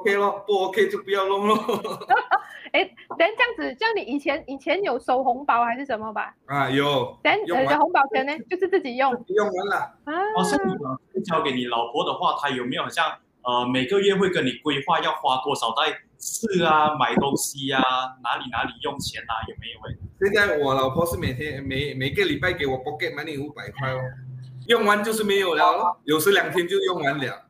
O、okay、K 咯，不 O、okay、K 就不要弄咯。 欸、等這樣子，咁你以前以前有收紅包還是什麼吧？啊有。咁你的紅包錢呢，就是自己用？用完了，啊。哦、啊，咁你老交給你老婆的話，她有沒有像，呃，每個月會跟你規劃要花多少？在吃啊，買東西啊，哪裏哪裏用錢啊，有冇？誒，現在我老婆是每天每每個禮拜給我 pocket money 五百塊哦。用完就是沒有了，有時兩天就用完了。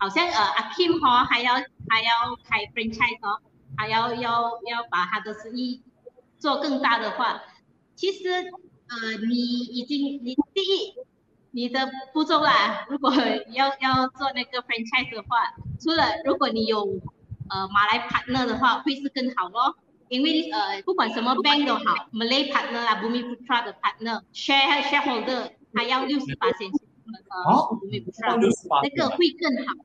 好像呃阿 Kim 嗬，還要還要開 franchise 嗬，還要要要把他的生意做更大的話，其實呃你已經你第一你的步驟啦，如果要要做那個 franchise 的話，除了如果你有呃馬來 partner 的話會是更好咯，因為呃不管什麼 bank 都好，Malay partner 啦 Bumi Putra 的 partner share shareholder，他要六十八千，誒 Bumi Putra，那個會更好。